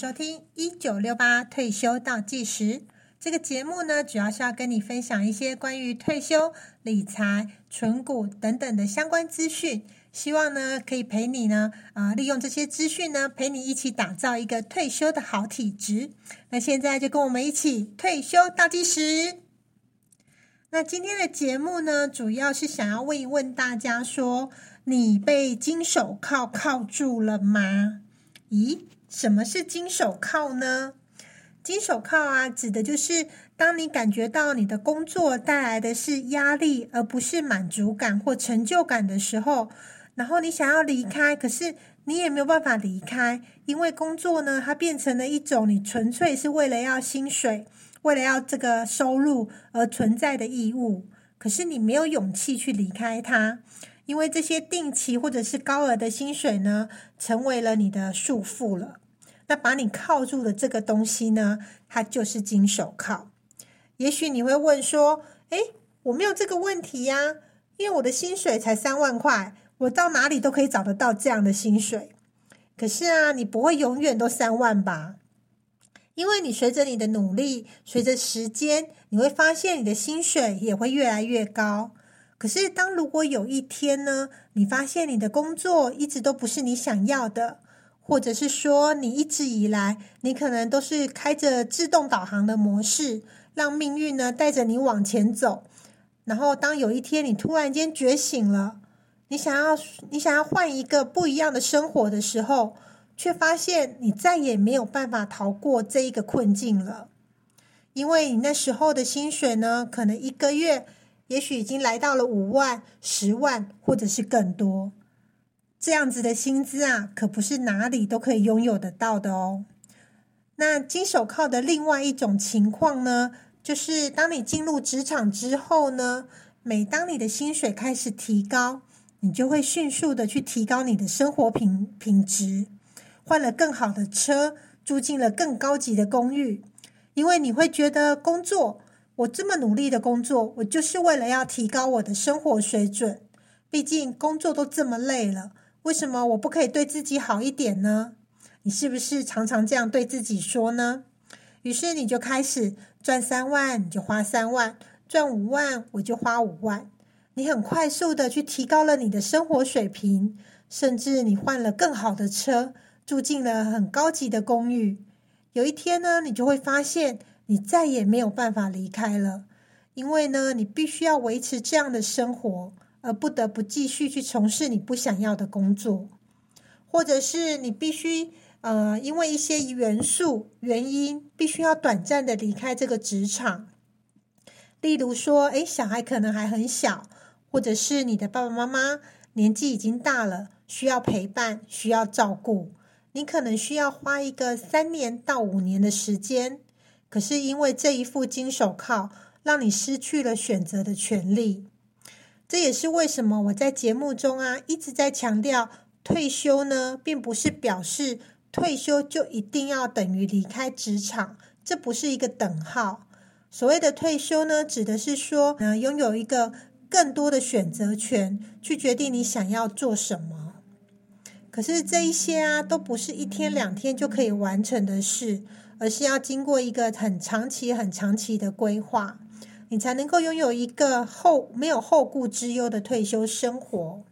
收聽一九六八退休倒計時這個節目呢，主要是要跟你分享一些關於退休理財、存股等等的相關資訊，希望呢可以陪你呢啊、呃、利用這些資訊呢，陪你一起打造一個退休的好體質。那現在就跟我們一起退休倒計時。那今天的節目呢，主要是想要問一問大家說，你被金手銬銬住了嗎？咦？什麼是金手銬呢？金手銬啊，指的就是當你感覺到你的工作帶來的是壓力，而不是滿足感或成就感的時候，然後你想要離開，可是你也沒有辦法離開，因為工作呢，它變成了一種你純粹是為了要薪水、為了要這個收入而存在的義務。可是你沒有勇氣去離開它，因為這些定期或者是高額的薪水呢，成為了你的束縛了。那把你銬住的這個東西呢，它就是金手銬。也許你會問說：“誒，我沒有這個問題呀，因為我的薪水才三萬塊，我到哪裡都可以找得到這樣的薪水。”可是啊，你不會永遠都三萬吧？因為你隨着你的努力，隨着時間，你會發現你的薪水也會越來越高。可是，當如果有一天呢，你發現你的工作一直都不是你想要的。或者是說，你一直以來，你可能都是開着自動導航的模式，讓命運呢帶着你往前走。然後，當有一天你突然間覺醒了，你想要你想要換一個不一樣的生活的時候，卻發現你再也沒有辦法逃過這一個困境了，因為你那時候的薪水呢，可能一個月也許已經來到了五萬、十萬，或者是更多。這樣子的薪資啊，可不是哪裡都可以擁有得到的哦。那金手銬的另外一種情況呢，就是當你進入職場之後呢，每當你的薪水開始提高，你就會迅速的去提高你的生活品品質，換了更好的車，住進了更高級的公寓，因為你會覺得工作，我這麼努力的工作，我就是為了要提高我的生活水準，畢竟工作都這麼累了。為什麼我不可以對自己好一點呢？你是不是常常這樣對自己說呢？於是你就開始賺三萬，你就花三萬；賺五萬，我就花五萬。你很快速地去提高了你的生活水平，甚至你換了更好的車，住進了很高級的公寓。有一天呢，你就會發現你再也沒有辦法離開了，因為呢，你必須要維持這樣的生活。而不得不繼續去從事你不想要的工作，或者是你必須呃，因為一些元素原因，必須要短暫的離開這個職場。例如說，誒小孩可能還很小，或者是你的爸爸媽媽年紀已經大了，需要陪伴，需要照顧。你可能需要花一個三年到五年的時間，可是因為這一副金手銬，讓你失去了選擇的權利。這也是為什麼我在節目中啊一直在強調，退休呢，並不是表示退休就一定要等於離開職場，這不是一個等號。所謂的退休呢，指的是說，呃，擁有一個更多的選擇權，去決定你想要做什麼。可是這一些啊，都不是一天兩天就可以完成的事，而是要經過一個很長期、很長期的規劃。你才能夠擁有一個後沒有後顧之憂的退休生活。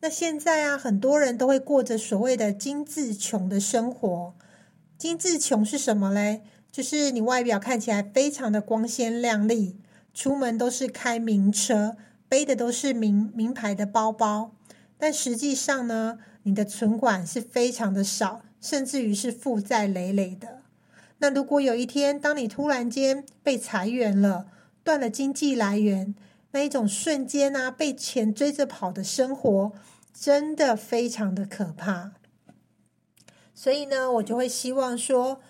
那現在啊，很多人都會過着所謂的“精緻窮”的生活。精緻窮是什麼嘞？就是你外表看起來非常的光鮮亮麗，出門都是開名車，背的都是名名牌的包包，但實際上呢，你的存款是非常的少，甚至於是負債累累的。那如果有一天，當你突然間被裁員了，斷了經濟來源，那一種瞬間呢、啊，被錢追着跑的生活，真的非常的可怕。所以呢，我就會希望說，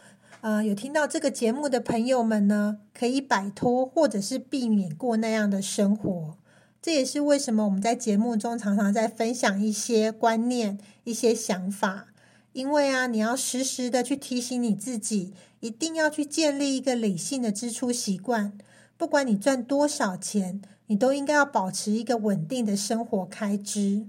呃，有聽到這個節目的朋友們呢，可以擺脫或者是避免過那樣的生活。這也是為什麼我們在節目中常常在分享一些觀念、一些想法。因為啊，你要時時的去提醒你自己，一定要去建立一個理性的支出習慣。不管你賺多少錢，你都應該要保持一個穩定的生活開支。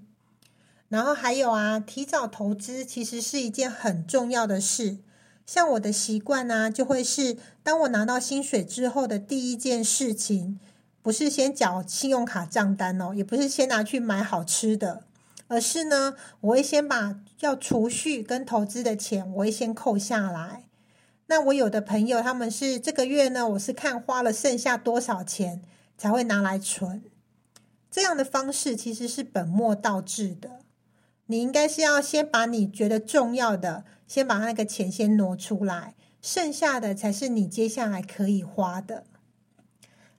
然後還有啊，提早投資其實是一件很重要的事。像我的習慣呢、啊，就會是當我拿到薪水之後的第一件事情，不是先繳信用卡賬單哦，也不是先拿去買好吃的。而是呢，我會先把要儲蓄跟投資的錢，我會先扣下來。那我有的朋友，他們是這個月呢，我是看花了剩下多少錢才會拿來存。這樣的方式其實是本末倒置的。你應該是要先把你覺得重要的，先把那個錢先挪出來，剩下的才是你接下來可以花的。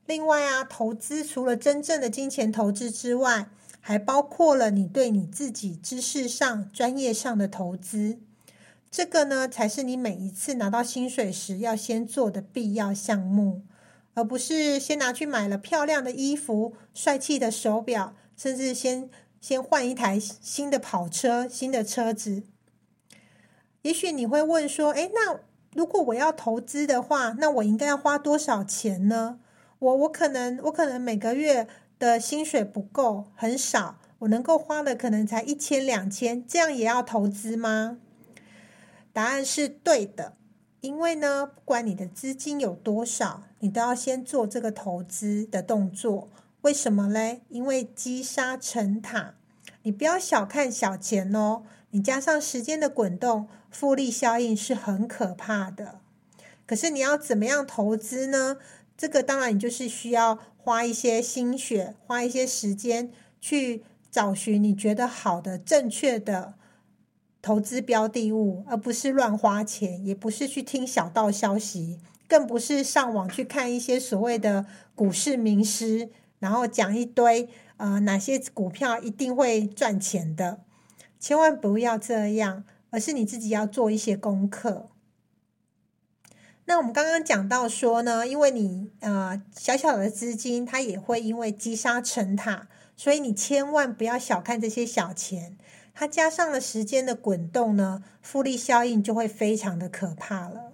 另外啊，投資除了真正的金錢投資之外，還包括了你對你自己知識上、專業上的投資，這個呢才是你每一次拿到薪水時要先做的必要項目，而不是先拿去買了漂亮的衣服、帥氣的手錶，甚至先先換一台新的跑車、新的車子。也許你會問說：“哎，那如果我要投資的話，那我應該要花多少錢呢？”我我可能我可能每個月。的薪水不夠，很少，我能夠花的可能才一千兩千，這樣也要投資嗎？答案是對的，因為呢，不管你的資金有多少，你都要先做這個投資的動作。為什麼嘞？因為積沙成塔，你不要小看小錢哦，你加上時間的滾動，複利效應是很可怕的。可是你要怎麼樣投資呢？這個當然，你就是需要花一些心血，花一些時間去找尋你覺得好的、正確的投資標的物，而不是亂花錢，也不是去聽小道消息，更不是上網去看一些所謂的股市名師，然後講一堆呃哪些股票一定會賺錢的，千萬不要這樣，而是你自己要做一些功課。那我們剛剛講到說呢，因為你呃小小的資金，它也會因為積沙成塔，所以你千萬不要小看這些小錢。它加上了時間的滾動呢，複利效應就會非常的可怕了。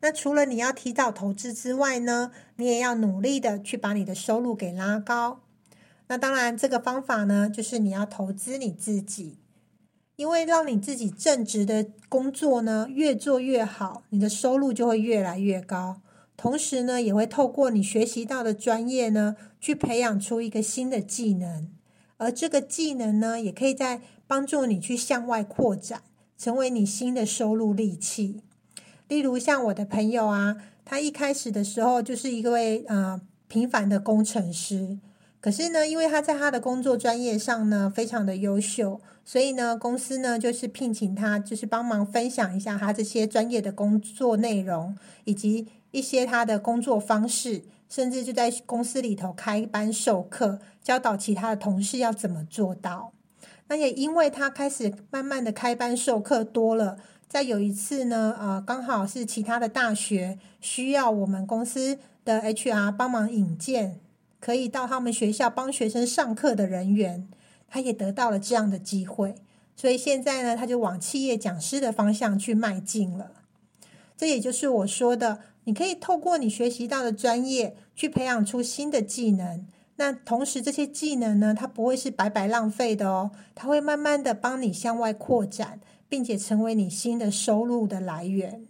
那除了你要提早投資之外呢，你也要努力的去把你的收入給拉高。那當然，這個方法呢，就是你要投資你自己。因為讓你自己正職的工作呢，越做越好，你的收入就會越來越高。同時呢，也會透過你學習到的專業呢，去培養出一個新的技能，而這個技能呢，也可以在幫助你去向外擴展，成為你新的收入利器。例如像我的朋友啊，他一開始的時候就是一位啊平凡的工程師。可是呢，因為他在他的工作專業上呢，非常的優秀，所以呢，公司呢就是聘請他，就是幫忙分享一下他這些專業的工作內容，以及一些他的工作方式，甚至就在公司裡頭開班授課，教導其他的同事要怎麼做到。那也因為他開始慢慢的開班授課多了，在有一次呢，呃，剛好是其他的大學需要我們公司的 HR 幫忙引薦。可以到他們學校幫學生上課的人員，他也得到了這樣的機會。所以現在呢，他就往企業講師的方向去邁進了。這也就是我說的，你可以透過你學習到的專業去培養出新的技能。那同時這些技能呢，它不會是白白浪費的哦，它會慢慢的幫你向外擴展，並且成為你新的收入的來源。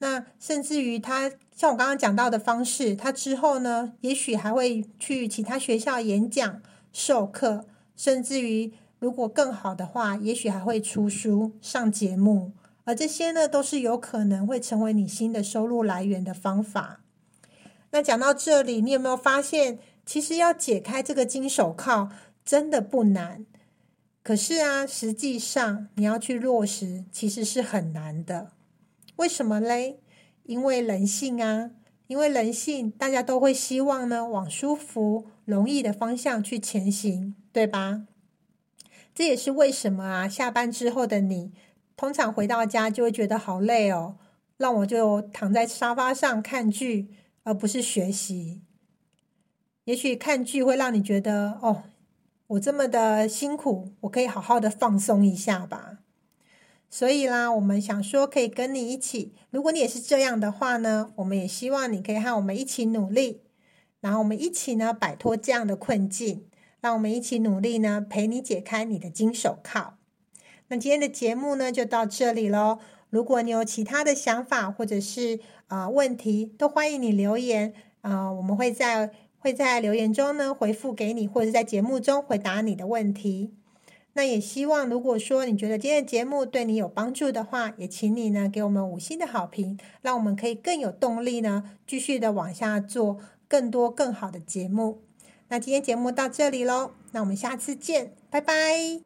那甚至於他像我剛剛講到的方式，他之後呢，也許還會去其他學校演講、授課，甚至於如果更好的話，也許還會出書、上節目。而這些呢，都是有可能會成為你新的收入來源的方法。那講到這裡，你有沒有發現，其實要解開這個金手銬真的不難？可是啊，實際上你要去落實，其實是很難的。為什麼嘞？因為人性啊，因為人性，大家都會希望呢往舒服、容易的方向去前行，對吧？這也是為什麼啊，下班之後的你，通常回到家就會覺得好累哦，讓我就躺在沙發上看劇，而不是學習。也許看劇會讓你覺得，哦，我這麼的辛苦，我可以好好的放鬆一下吧。所以啦，我們想說可以跟你一起。如果你也是這樣的話呢，我們也希望你可以和我們一起努力，然後我們一起呢擺脫這樣的困境。讓我們一起努力呢，陪你解開你的金手銬。那今天的節目呢，就到這裡嘍。如果你有其他的想法或者是啊、呃、問題，都歡迎你留言啊、呃，我們會在會在留言中呢回復給你，或者是在節目中回答你的問題。那也希望，如果說你覺得今天的節目對你有幫助的話，也請你呢給我們五星的好評，讓我們可以更有動力呢，繼續的往下做更多更好的節目。那今天節目到這裡嘍，那我們下次見，拜拜。